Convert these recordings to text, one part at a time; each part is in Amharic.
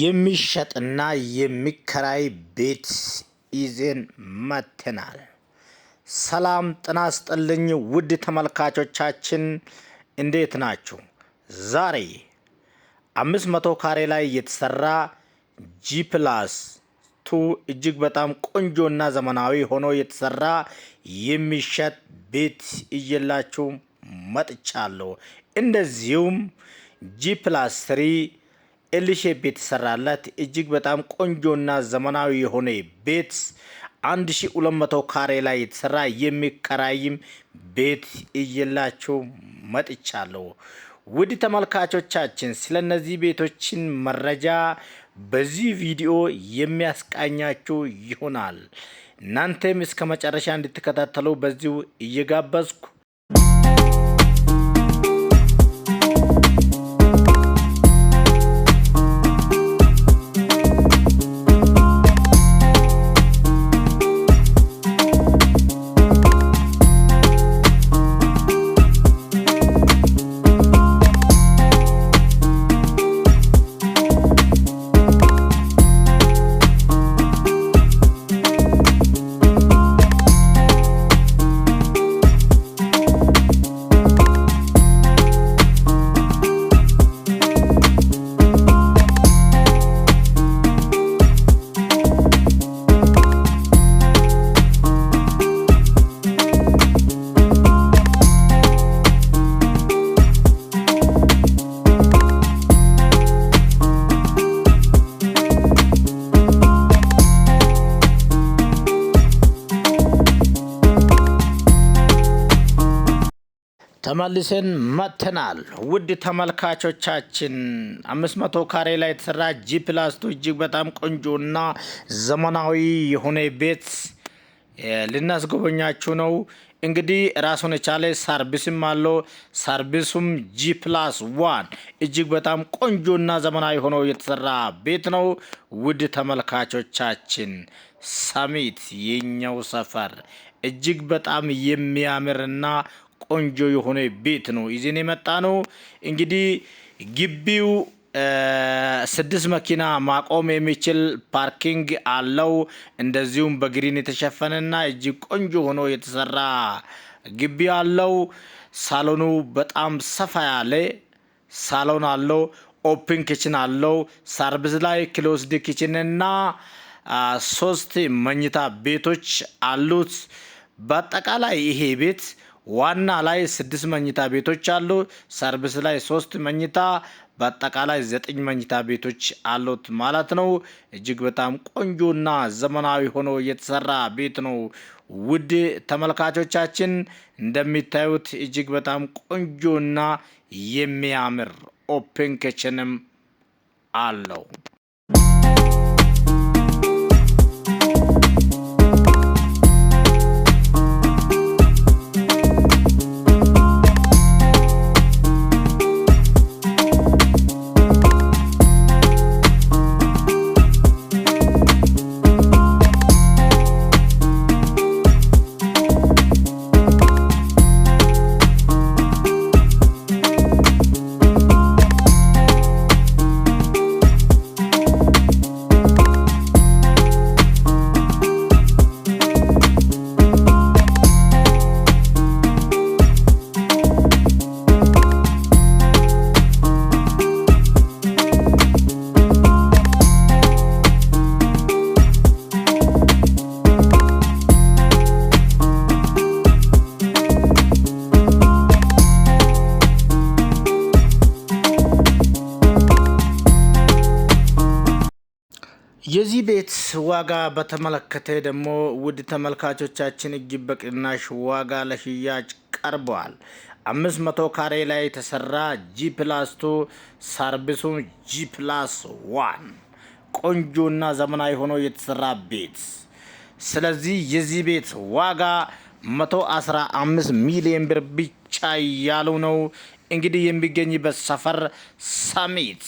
የሚሸጥና የሚከራይ ቤት ኢዜን መጥተናል። ሰላም ጤና ይስጥልኝ ውድ ተመልካቾቻችን እንዴት ናችሁ? ዛሬ አምስት መቶ ካሬ ላይ የተሰራ ጂ ፕላስ ቱ እጅግ በጣም ቆንጆና ዘመናዊ ሆኖ የተሰራ የሚሸጥ ቤት እየላችሁ መጥቻለሁ። እንደዚሁም ጂ ፕላስ ስሪ ኤልሼ ቤት ሰራላት። እጅግ በጣም ቆንጆና ዘመናዊ የሆነ ቤት መቶ ካሬ ላይ የተሰራ የሚከራይም ቤት እየላቸው መጥቻለሁ። ውድ ተመልካቾቻችን ስለ እነዚህ ቤቶችን መረጃ በዚህ ቪዲዮ የሚያስቃኛችሁ ይሆናል። እናንተም እስከ መጨረሻ እንድትከታተሉ በዚሁ እየጋበዝኩ ተመልሰን መጥተናል። ውድ ተመልካቾቻችን አምስት መቶ ካሬ ላይ የተሰራ ጂ ፕላስቱ እጅግ በጣም ቆንጆና ዘመናዊ የሆነ ቤት ልናስጎበኛችሁ ነው። እንግዲህ ራሱን የቻለ ሰርቪስም አለው። ሰርቪሱም ጂ ፕላስ ዋን እጅግ በጣም ቆንጆና ዘመናዊ ሆኖ የተሰራ ቤት ነው። ውድ ተመልካቾቻችን ሰሚት የኛው ሰፈር እጅግ በጣም የሚያምርና ቆንጆ የሆነ ቤት ነው ይዜን የመጣ ነው። እንግዲህ ግቢው ስድስት መኪና ማቆም የሚችል ፓርኪንግ አለው። እንደዚሁም በግሪን የተሸፈነና እጅግ ቆንጆ ሆኖ የተሰራ ግቢ አለው። ሳሎኑ በጣም ሰፋ ያለ ሳሎን አለው። ኦፕን ኪችን አለው። ሰርቪስ ላይ ክሎስድ ኪችንና ሶስት መኝታ ቤቶች አሉት። በአጠቃላይ ይሄ ቤት ዋና ላይ ስድስት መኝታ ቤቶች አሉ። ሰርቪስ ላይ ሶስት መኝታ በአጠቃላይ ዘጠኝ መኝታ ቤቶች አሉት ማለት ነው። እጅግ በጣም ቆንጆና ዘመናዊ ሆኖ የተሰራ ቤት ነው። ውድ ተመልካቾቻችን እንደሚታዩት እጅግ በጣም ቆንጆና የሚያምር ኦፕን ክችንም አለው። የዚህ ቤት ዋጋ በተመለከተ ደግሞ ውድ ተመልካቾቻችን እጅግ በቅናሽ ዋጋ ለሽያጭ ቀርበዋል። አምስት መቶ ካሬ ላይ የተሰራ ጂ ፕላስ ቱ ሰርቪሱም ጂ ፕላስ ዋን ቆንጆና ዘመናዊ ሆኖ የተሰራ ቤት። ስለዚህ የዚህ ቤት ዋጋ 115 ሚሊዮን ብር ብቻ ያሉ ነው። እንግዲህ የሚገኝበት ሰፈር ሰሚት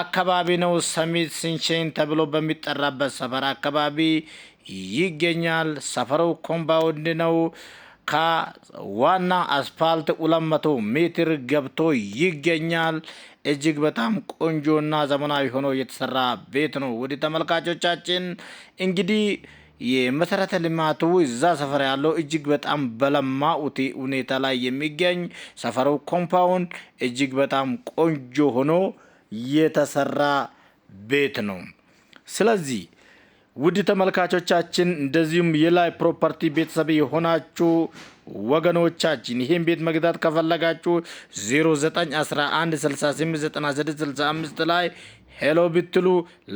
አካባቢ ነው። ሰሚት ሲንቼን ተብሎ በሚጠራበት ሰፈር አካባቢ ይገኛል። ሰፈሩ ኮምፓውንድ ነው። ከዋና አስፋልት ሁለት ሜትር ገብቶ ይገኛል። እጅግ በጣም ቆንጆና ዘመናዊ ሆኖ የተሰራ ቤት ነው። ወደ ተመልካቾቻችን እንግዲህ የመሰረተ ልማቱ እዛ ሰፈር ያለው እጅግ በጣም በለማ ሁኔታ ላይ የሚገኝ ሰፈሩ ኮምፓውንድ እጅግ በጣም ቆንጆ ሆኖ የተሰራ ቤት ነው። ስለዚህ ውድ ተመልካቾቻችን እንደዚሁም የላይ ፕሮፐርቲ ቤተሰብ የሆናችሁ ወገኖቻችን ይህን ቤት መግዛት ከፈለጋችሁ 0911689665 ላይ ሄሎ ብትሉ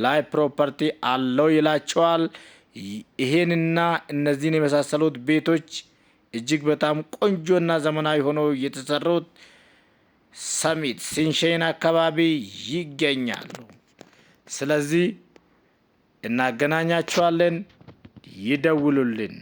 ላይ ፕሮፐርቲ አለው ይላቸዋል። ይሄንና እነዚህን የመሳሰሉት ቤቶች እጅግ በጣም ቆንጆና ዘመናዊ ሆነው የተሰሩት ሰሚት ሲንሼን አካባቢ ይገኛሉ። ስለዚህ እናገናኛችኋለን፣ ይደውሉልን።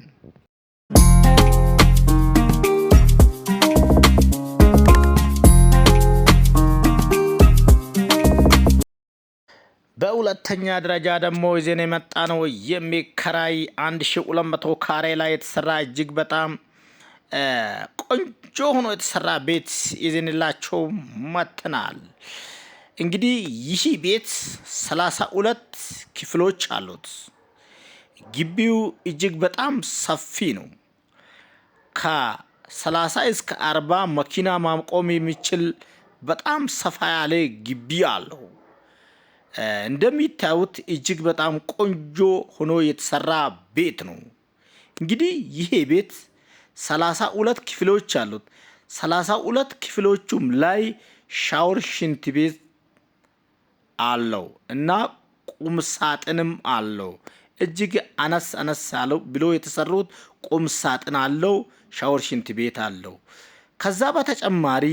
በሁለተኛ ደረጃ ደግሞ ይዜን የመጣ ነው የሚከራይ 1200 ካሬ ላይ የተሰራ እጅግ በጣም ቆንጆ ሆኖ የተሰራ ቤት ይዘንላቸው መጥተናል። እንግዲህ ይህ ቤት 32 ሁለት ክፍሎች አሉት። ግቢው እጅግ በጣም ሰፊ ነው። ከ ከ30 እስከ 40 መኪና ማምቆም የሚችል በጣም ሰፋ ያለ ግቢ አለው። እንደሚታዩት እጅግ በጣም ቆንጆ ሆኖ የተሰራ ቤት ነው። እንግዲህ ይሄ ቤት ሰላሳ ሁለት ክፍሎች አሉት። ሰላሳ ሁለት ክፍሎቹም ላይ ሻወር፣ ሽንት ቤት አለው እና ቁም ሳጥንም አለው። እጅግ አነስ አነስ አለው ብሎ የተሰሩት ቁም ሳጥን አለው፣ ሻወር፣ ሽንት ቤት አለው። ከዛ በተጨማሪ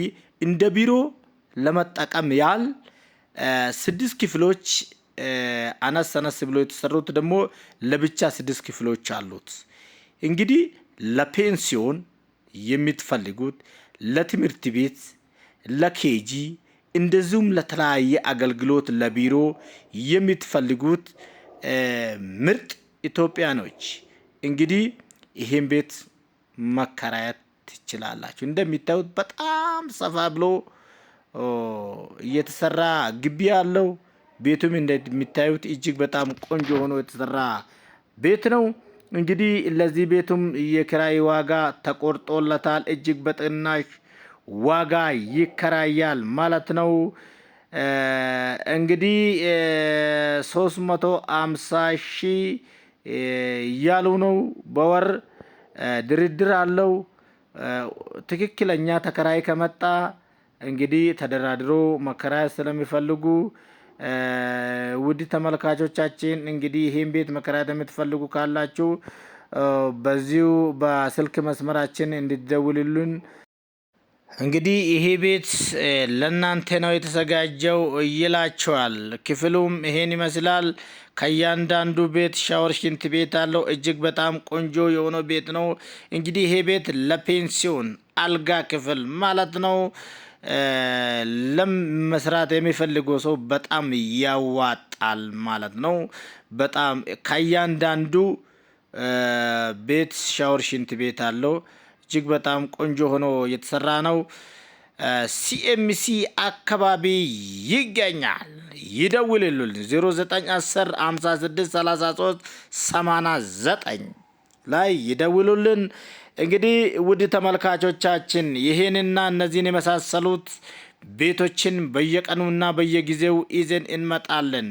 እንደ ቢሮ ለመጠቀም ያል ስድስት ክፍሎች አነስ አነስ ብሎ የተሰሩት ደግሞ ለብቻ ስድስት ክፍሎች አሉት እንግዲህ ለፔንሲዮን የምትፈልጉት ለትምህርት ቤት፣ ለኬጂ እንደዚሁም ለተለያየ አገልግሎት ለቢሮ የምትፈልጉት ምርጥ ኢትዮጵያኖች እንግዲህ ይህን ቤት መከራየት ትችላላችሁ። እንደሚታዩት በጣም ሰፋ ብሎ እየተሰራ ግቢ አለው ቤቱም እንደሚታዩት እጅግ በጣም ቆንጆ ሆኖ የተሰራ ቤት ነው። እንግዲህ ለዚህ ቤቱም የክራይ ዋጋ ተቆርጦለታል። እጅግ በጥናሽ ዋጋ ይከራያል ማለት ነው። እንግዲህ ሶስት መቶ አምሳ ሺህ እያሉ ነው በወር ድርድር አለው። ትክክለኛ ተከራይ ከመጣ እንግዲህ ተደራድሮ መከራየት ስለሚፈልጉ ውድ ተመልካቾቻችን እንግዲህ ይህን ቤት መከራየት የምትፈልጉ ካላችሁ በዚሁ በስልክ መስመራችን እንድትደውሉልን። እንግዲህ ይሄ ቤት ለእናንተ ነው የተዘጋጀው ይላቸዋል። ክፍሉም ይሄን ይመስላል። ከእያንዳንዱ ቤት ሻወር፣ ሽንት ቤት አለው። እጅግ በጣም ቆንጆ የሆነ ቤት ነው። እንግዲህ ይሄ ቤት ለፔንሲዮን አልጋ ክፍል ማለት ነው። ለመስራት የሚፈልገው ሰው በጣም ያዋጣል ማለት ነው። በጣም ከእያንዳንዱ ቤት ሻወር፣ ሽንት ቤት አለው። እጅግ በጣም ቆንጆ ሆኖ የተሰራ ነው። ሲኤምሲ አካባቢ ይገኛል። ይደውልሉልን 0910 56 33 89 ላይ ይደውሉልን። እንግዲህ ውድ ተመልካቾቻችን ይህንና እነዚህን የመሳሰሉት ቤቶችን በየቀኑና በየጊዜው ይዘን እንመጣለን።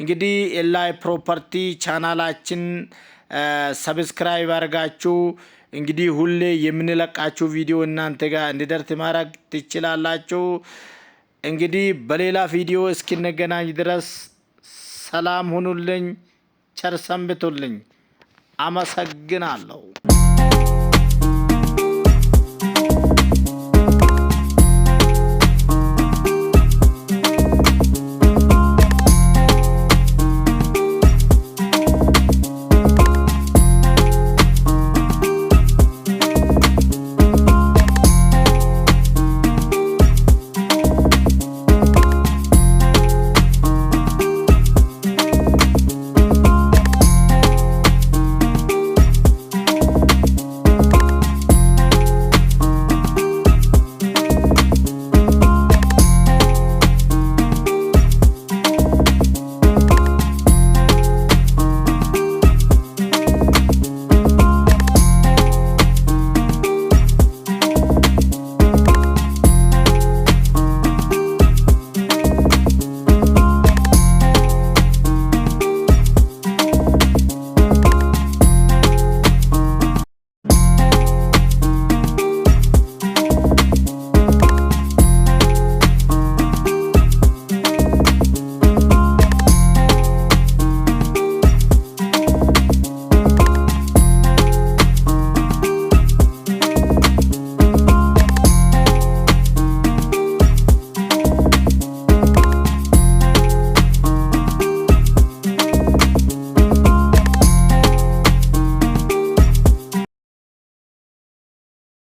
እንግዲህ ላይ ፕሮፐርቲ ቻናላችን ሰብስክራይብ አድርጋችሁ እንግዲህ ሁሌ የምንለቃችሁ ቪዲዮ እናንተ ጋር እንዲደርስ ማድረግ ትችላላችሁ። እንግዲህ በሌላ ቪዲዮ እስኪነገናኝ ድረስ ሰላም ሁኑልኝ፣ ቸር ሰንብቱልኝ። አመሰግናለሁ።